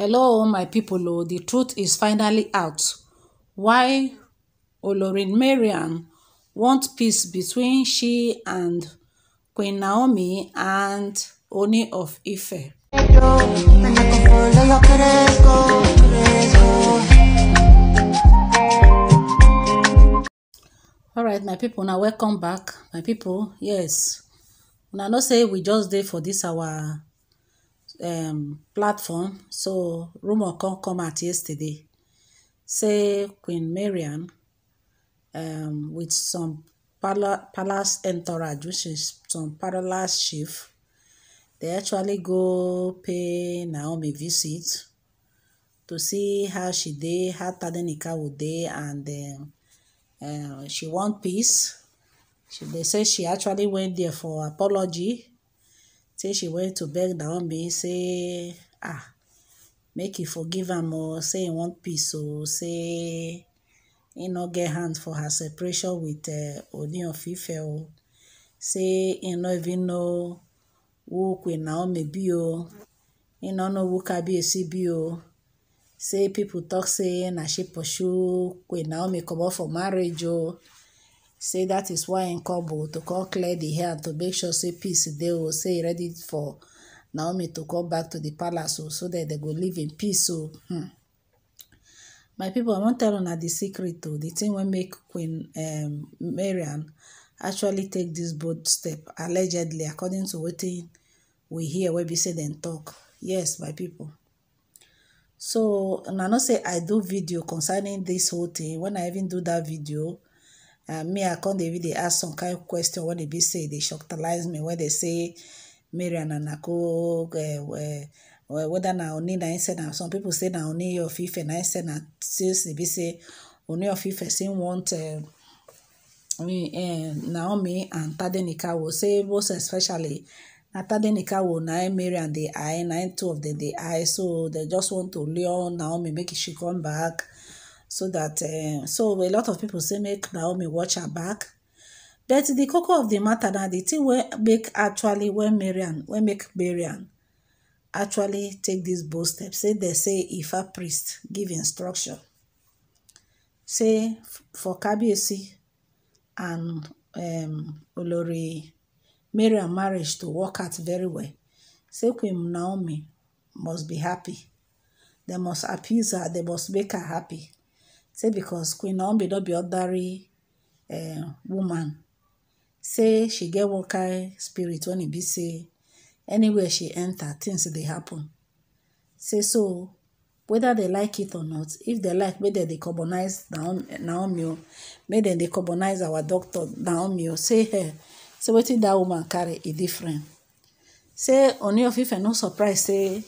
Hello, my people. Oh, the truth is finally out. Why Olorin Marian, wants peace between she and Queen Naomi and Oni of Ife. All right, my people, now welcome back. My people, yes. Now, not say we just dey for this our um, platform, so rumor can come out yesterday. Say Queen Miriam, um, with some palace entourage, which is some palace chief, they actually go pay Naomi visit to see how she did, how Tadenika would dey, and um, uh, she want peace. She, they say she actually went there for apology say she went to beg naomi say ah make e forgive am more. say e want peace So say e no get hand for her separation with eh, oni of ife say e no even know who queen naomi be o e no know who can be a o say people talk say na she pursue queen naomi comot for marriage Oh say that is why im come to come clear the hand to make sure say peace dey o oh, say e ready for naomi to come back to the palace o oh, so that they go live in peace o oh. hmm my people, i wan tell una di secret o the thing wey make queen um marian actually take this bold step allegedly according to wetin we hear wey be say dem talk yes my people. so una know say i do video concerning this whole thing when i even do that video and uh, me i come dey dey ask some kind of question wey dey be say e dey shocktalize me wey dey say mariam anako eh, eh, eh, whether na oni na inside na some people say na oni your ife na inside na since e be say oni of ife still want naomi and tadenikawo say most especially na tadenikawo na mariam dey eye na two of dem dey eye so they just want to lure naomi make she come back so that uh, so a lot of people say make Naomi watch her back but the cocoa of the matter now, the thing wey make actually when Marian, when make Marian, actually take this bold step say they say if a priest give instruction say for KBC, and um, Olori Marian marriage to work out very well say Queen Naomi must be happy they must appease her they must make her happy say because queen naomi no be ordinary eh, woman say she get one kain spirit when e be say anywhere she enter things dey happen say so whether they like it or not if they like make dem dey carbonize naomi o make dem dey carbonize our doctor naomi o say eh say wetin that woman carry e different say oni of ife no surprise say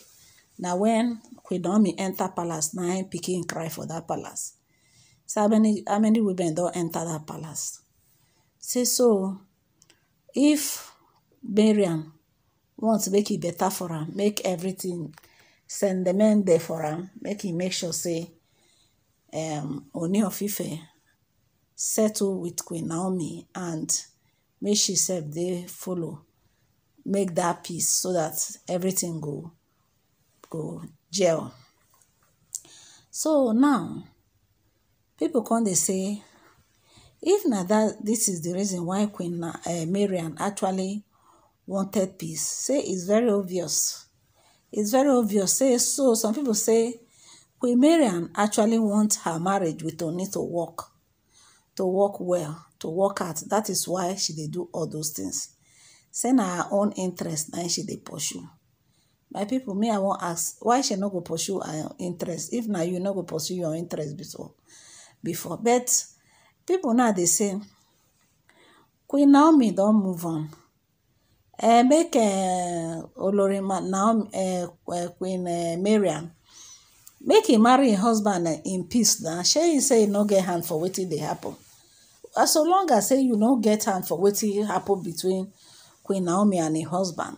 na when queen naomi enter palace na im pikin cry for that palace So how many, how many women don enter that palace. See, so if Mariam wants make it e better for her, make everything, send the men there for her, make him e make sure, say, um, Ooni of settle with Queen Naomi and make she sef they follow make that peace so that everything go go gel. So now People come dey say if na that this is the reason why Queen uh, eh, Mariam actually wanted peace, say it's very obvious. It's very obvious. Say so some people say Queen Mariam actually want her marriage with Ooni to work, to work well, to work out. That is why she dey do all those things. Say na her own interest na she dey pursue. My people, me I wan ask, why she no go pursue her interest? If na you no go pursue your interest before before but people now dey say queen naomi don move on um make um olori naomi um queen um mariam make e marry im husband in peace na shey e say e no get hand for wetin dey happen as so long as say you no get hand for wetin happen between queen naomi and im husband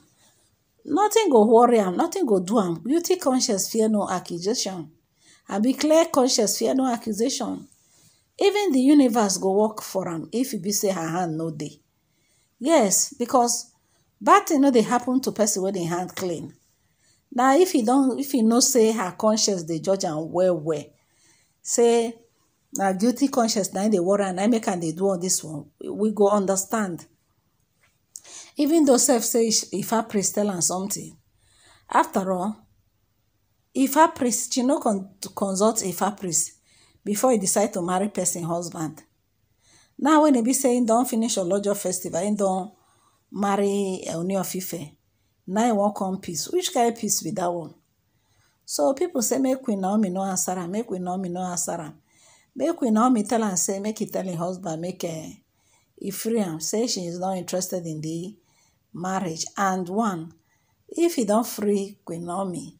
nothing go worry am nothing go do am guilty conscience fear no accusation and be clear conscience fear no accusation even the universe go work for him if he be say her hand no day, yes because bad thing no they happen to person wey dey hand clean Now if he don't, if he no say her conscience the judge and well well say now guilty conscience Now in the worry and I make and they do on this one we go understand even though self say if her priest tell am something after all if her priest she no consult if her priest before e decide to marry person husband. now when e be say you don finish your lojo festival you don marry eloni ofife now you welcome peace which kind peace be dat one. so pipo say make queen naomi no answer sarah make queen naomi no answer sarah make queen naomi tell am say make e tell im husband make e free am say she is not interested in di marriage and one if e don free queen naomi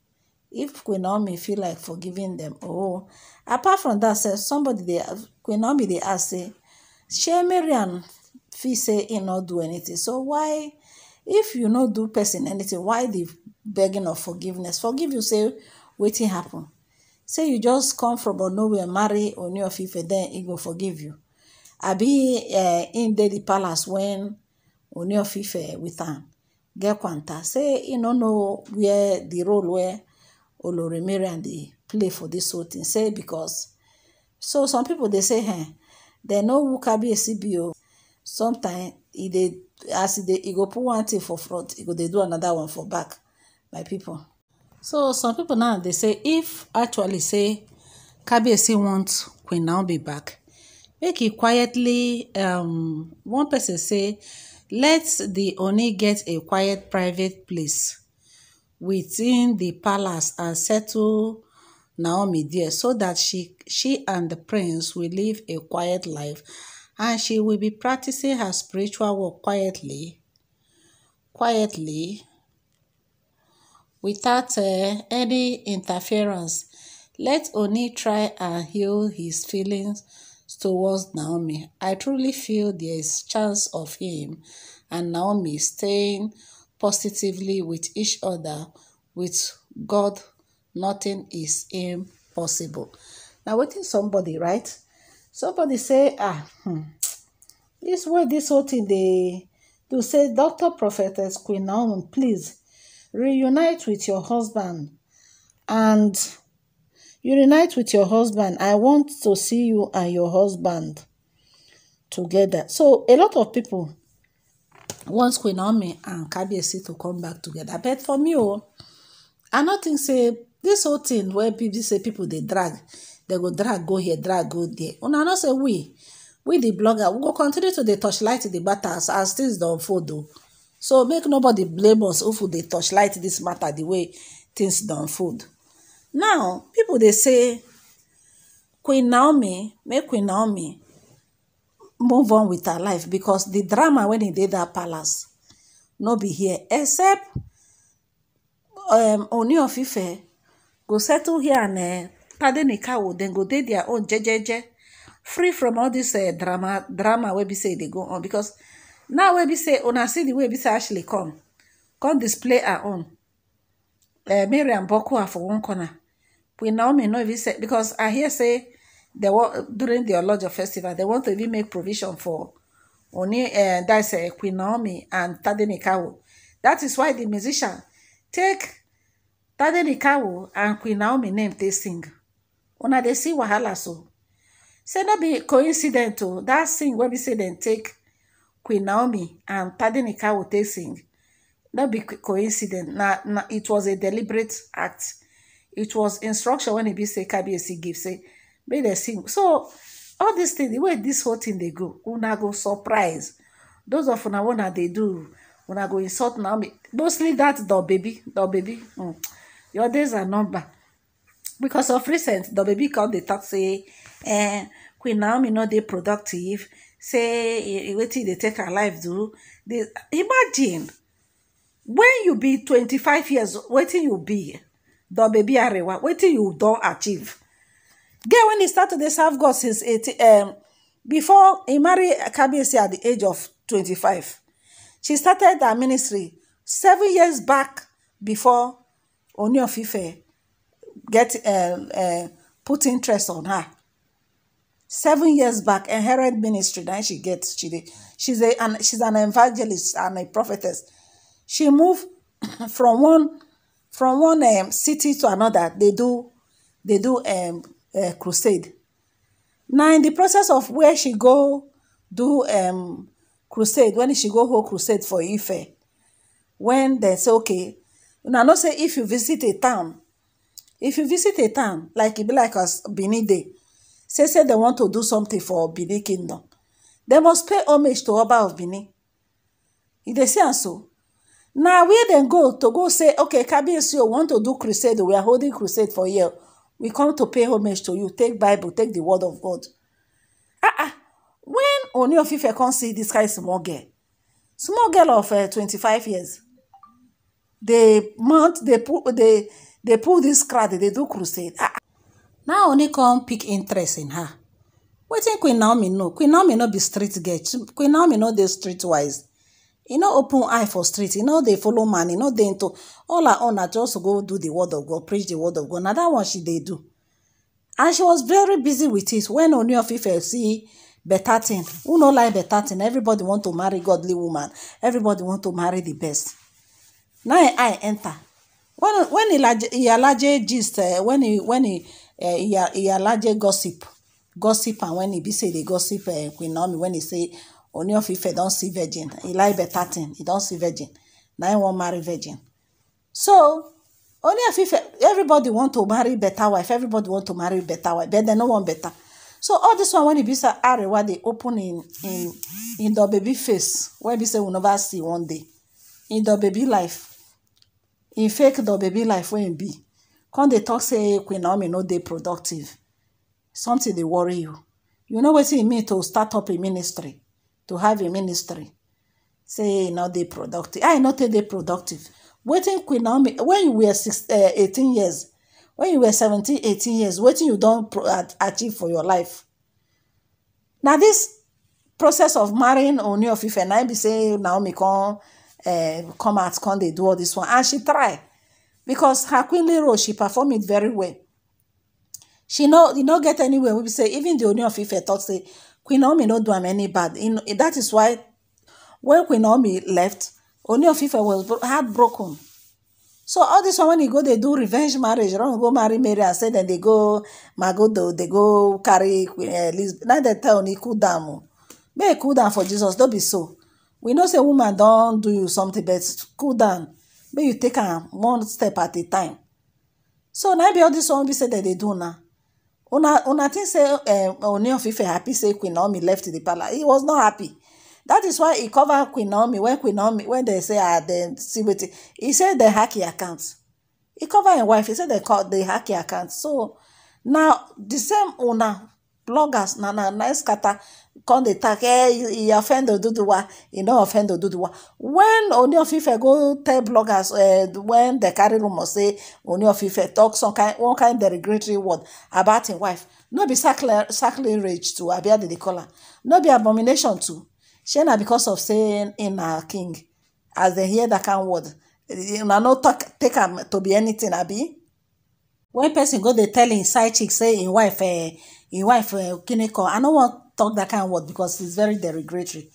if queen naomi feel like forgiving dem o. Oh, apart from that say somebody dey queen be dey ask say shey mariam fit say he no do anything so why if you no do person anything why the begging of forgiveness forgive you say he happen say you just come from nowhere marry oni of and then he go forgive you I be eh, in the palace when on your fifa eh, with him. get kwanta say he no know where the role where, olori and dey play for this whole thing say because so some people they say eh they know who kabiyesi be o oh. sometimes e dey as e dey go put one thing for front e go dey do another one for back my people so some people now they say if actually say kabiyesi want Queen be back make it quietly um, one person say let the only get a quiet private place within the palace and settle Naomi there so that she, she and the prince will live a quiet life and she will be practicing her spiritual work quietly, quietly, without uh, any interference. Let Oni try and heal his feelings towards Naomi. I truly feel there is chance of him and Naomi staying positively with each other with God nothing is impossible now wetin somebody right somebody say ah hmm, this way this whole thing they do say doctor prophetess queen naomi um, please reunite with your husband and reunite with your husband i want to see you and your husband together so a lot of people want queen naomi and kabiyesi to come back together but for me oh i don't think say This whole thing wey people say people dey drag dem go drag go here drag go there una know say we we the blogger we go continue to dey torchlight the matter as things don unfold o oh. so make nobody blame us if we dey torchlight this matter the way things don unfold now people dey say queen naomi make queen naomi move on with her life because the drama wey e dey that palace no be here except um oni of go settle here and tadenikawo eh, dem go dey their own jejeje free from all dis eh, drama drama wey be say e dey go on becos now wey be say una see di way be say ashley come come display her own mary and bo for one corner queen naomi no even say because i hear say during di olojo festival dem want to even make provision for oni dat eh, queen naomi and tadenikawo dat is why di musician take. Tadedi Kawo and Queen Naomi name they sing. Una dey see wahala so. Say no be coincident That sing wey be say dem take Queen Naomi and Tadedi Kawo they sing. No be coincident. Na, na it was a deliberate act. It was instruction when he be say Kabiyesi give say make dem sing. So all dis thing the way this whole thing they go una go surprise those of una wey una dey do una go insult naomi mostly that the baby the baby mm. your days are numbered because of recent the baby come dey talk say eh, queen naomi no they productive say waiting they take her life do they imagine when you be 25 years waiting you be the baby are arewa waiting you don't achieve girl when he started to serve god since 18 um, before he married kabiyesi at the age of 25 she started her ministry seven years back before only of Ife get uh, uh, put interest on her. Seven years back, inherent ministry Then she gets. She She's a and she's an evangelist and a prophetess. She moved from one from one um, city to another. They do they do um, a uh, crusade. Now in the process of where she go do um crusade, when she go whole crusade for Ife, when they say okay, now, not say if you visit a town if you visit a town like e be like us benin Day, say say they want to do something for Bini kingdom they must pay homage to oba of benin e say so Now where dem go to go say okay you want to do crusade we are holding crusade for here we come to pay homage to you take bible take the word of god ah ah When only of can come see guy is small girl small girl of eh, 25 years They mount They pull They they pull this crowd They do crusade ah, ah. now only come pick interest in her wetin queen naomi know queen naomi no be street girl queen naomi no they street wise You e know open eye for street You e know they follow man You e know they into all her own na just go do the word of god preach the word of god Now that one she they do and she was very busy with it When only of ife see better thing who no like better thing everybody want to marry godly woman everybody want to marry the best Now I enter when when iyalaje gist eh, when when large eh, gossip gossip and when he be say dey gossip eh, queen naomi when he say oni of don't see virgin He like better thing don't see virgin Now him want marry virgin so only if everybody want to marry better wife everybody want to marry better wife but they no one better so all this one when he be say arewa dey open in in in the baby face wey he say we never see one day in the baby life in fake the baby life when be come they talk say queen naomi no they productive something they worry you you know what e mean to start up a ministry to have a ministry say not they productive i not they productive Waiting queen naomi when you were eh, 18 years when you were seventeen eighteen years waiting you don achieve for your life Now this process of marrying only of if and I be say naomi come um, come out, come they do all this one. And she try because her queenly role, she perform it very well. She no, did not get anywhere. We say even the only of Ife thought say Queen Naomi no do am any bad. You know, that is why when Queen Naomi left, only of Ife was heartbroken. So all this one when you go, they do revenge marriage. Don't go marry Mary and say then they go Magodo, they go carry Queen eh, Elizabeth. Now they tell Oni cool down. May oh. cool down for Jesus. Don't be so. we know say woman don do you something but cool down make you take am one step at a time so all dis one be say dem dey do una una una think say eh, oni ife happy say queen naomi left di palace e was no happy dat is why e cover queen naomi wen queen naomi wen dem say ah dem see wetin e say dem hack im account e cover im wife e say call dem hack im account so na di same una. bloggers na na na scatter come dey talk hey eh, He offend oduduwa He no offend oduduwa when oni of ife go tell bloggers uh, when the carry rumour say only of ife talk some kind one kind derogatory word about his wife no be sacrilege to abia the call am no be abomination to She na because of saying in na king as dem hear dat kind word eh, una no talk take him to be anything abi when person go they tell inside chick say in wife im wife okineko eh, i do want to talk that kind word because its very derogatory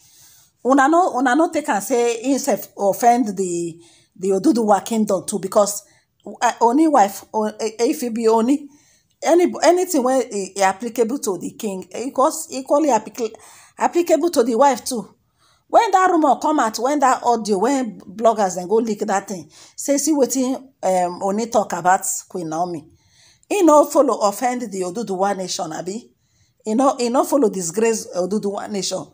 una no take and say im sef do the oduduwa kingdom too because eh, only wife if it be only anything wey e applicable to the king eh, equally applicable to the wife too When that rumour come out when that audio when bloggers and go leak that thing say see um only talk about queen naomi he no follow offend the oduduwa nation abi he no follow disgrace oduduwa nation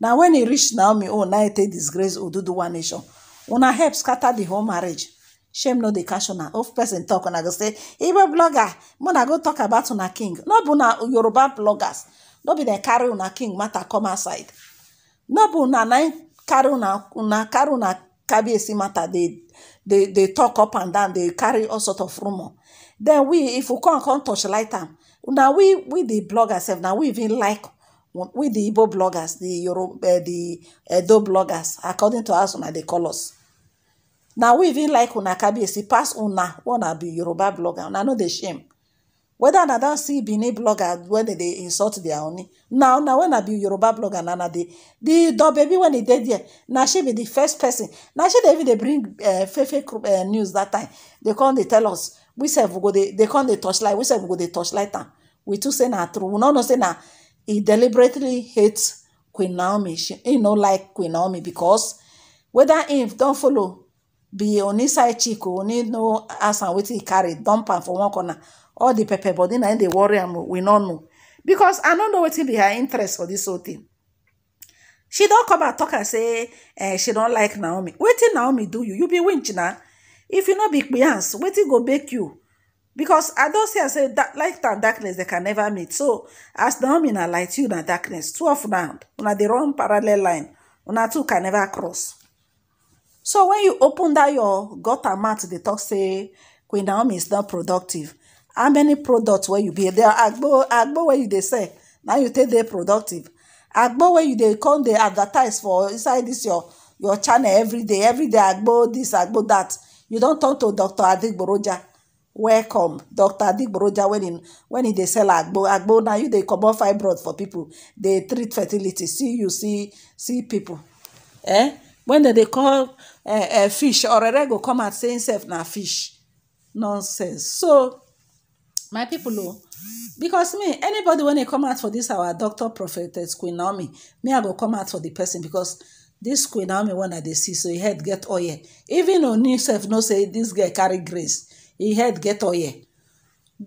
Now when he reach naomi oh, na e take disgrace oduduwa nation una help scatter the whole marriage shame no dey catch una if person talk una go say igbo blogger muna go talk about una king no be na yoruba bloggers no be de carry una king matter come outside no be na na carry una una carry una kabiyesi matter they they they talk up and down They carry all sort of rumour then we if we come come light am na we we the bloggers sef na we even like we the igbo bloggers di yoruba eh, edo bloggers according to us una dey call us na we even like una kabiyesi pass una wey be yoruba blogger una no dey shame weda na don see benin bloggers dem dey insult dia oni na una wey na bi yoruba blogger na na di the dog baby wen e dey there na she be di first person na she dey even dey bring eh, fake fake eh, news that time dey come dey tell us. we say we go dey dey come dey torchlight we we go dey torchlight we too say not true we no know say na he deliberately hates queen naomi she he no like queen naomi because whether don't follow be oni side chico o oni no ask and wait e carry dump am for one corner all the pepper body na im dey worry am we no know because i no know wetin be her interest for this whole thing she don't come and talk and say eh, she don't like naomi wetin naomi do you you be winch na if you no be pians wetin go make you because i don say i say light and darkness dem can never meet so as naomi na light you na darkness two of now una dey run parallel line una two can never cross so when you open that, your gut and mouth dey talk say queen naomi is not productive how many products wey you be there agbo agbo wey you dey sell na you take dey productive agbo wey you dey come dey advertise for inside this your your channel every day every day agbo this agbo that you don turn to dr adigboroja welcome dr adigboroja When he wen he dey sell agbo agbo na you dey comot fibroid for people dey treat fertility see you see see people eh When dem dey call eh, eh, fish orere go come out say himself na fish nonsense so my people o oh, because me anybody wey dey come out for this our doctor prophetess queen naomi me i go come out for the person because. This queen how me wanna dey see so e head get oil even oni sef know say this girl carry grace e head get oil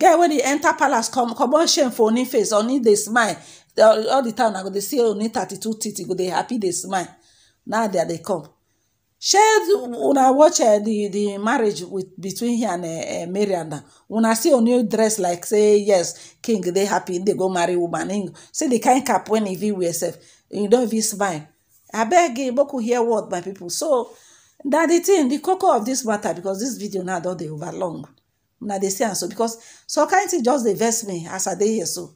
girl wey dey enter palace come comot shame for oni face oni dey smile all the time i go dey see oni 32 teeth e go dey happy dey smile now dia dey come shey una watch eh, the the marriage with between him and eh, eh, mary and una see oni dress like say yes king dey happy dey go marry woman say di kind cap wen he fit wear sef e don even smile I beg you, boku hear word my people. so that the thing the cocoa of this matter because this video now don't they over long Now they see so because some kind thing just the vex me as i day here so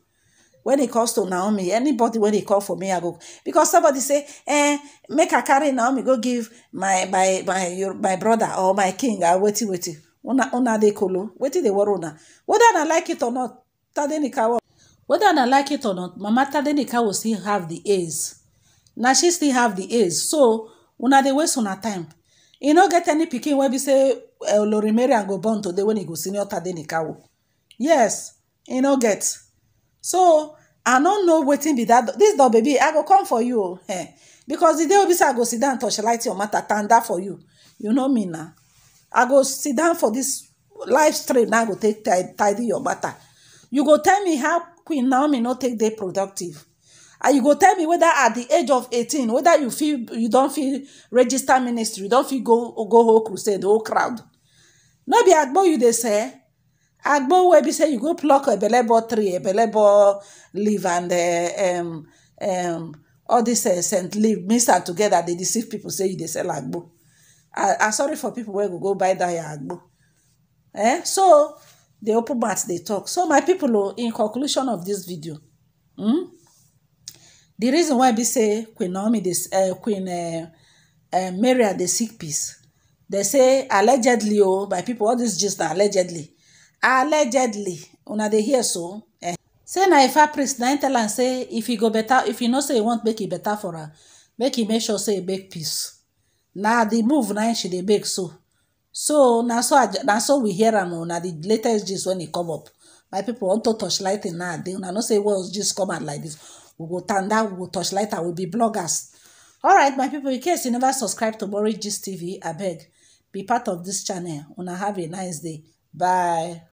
when it comes to naomi anybody when they call for me i go because somebody say eh make a carry naomi go give my my my my brother or my king or ah, wetin wetin una una dey wait wetin the worry una whether I like it or not tadenikawa whether I like it or not mama will still have the A's. na she still have the age so una dey waste una time e no get any pikin wey be say eh, olori mariam go born today when e go senior tadini kawo yes e no get so i no know wetin be that. This dog baby i go come for you o oh, eh because di day wey be say i go sit down touch light your matter tanda for you you know me na i go sit down for this live stream na i go take tidy your matter you go tell me how queen naomi no take dey productive and you go tell me whether at the age of eighteen whether you feel you don feel register ministry you don feel go go whole crusade whole crowd no be agbo you dey say agbo wey be say you go pluck ebelebo tree ebelebo leaf and um um all dis eh, scent leaf mix am together dey deceive people say you dey sell agbo i I sorry for people wey go go buy that your agbo eh so the open mouth dey talk so my people oh, in conclusion of this video hmm the reason why be say queen naomi dey uh, queen uh, eh, uh, eh, maria the sick piece. dey say allegedly oh, by people all this gist na allegedly allegedly una dey hear so eh. say na ifa priest na tell am say if he go better if he know say he want make e better for am make e make sure say he make peace na the move na she dey make so so na so na so we hear am o na the latest gist when e come up my people unto torchlight na dey una know say words gist come out like this we go that. we go torchlight later. we be bloggers all right my people in case you never subscribe to Boris G's TV I beg, be part of this channel una have a nice day bye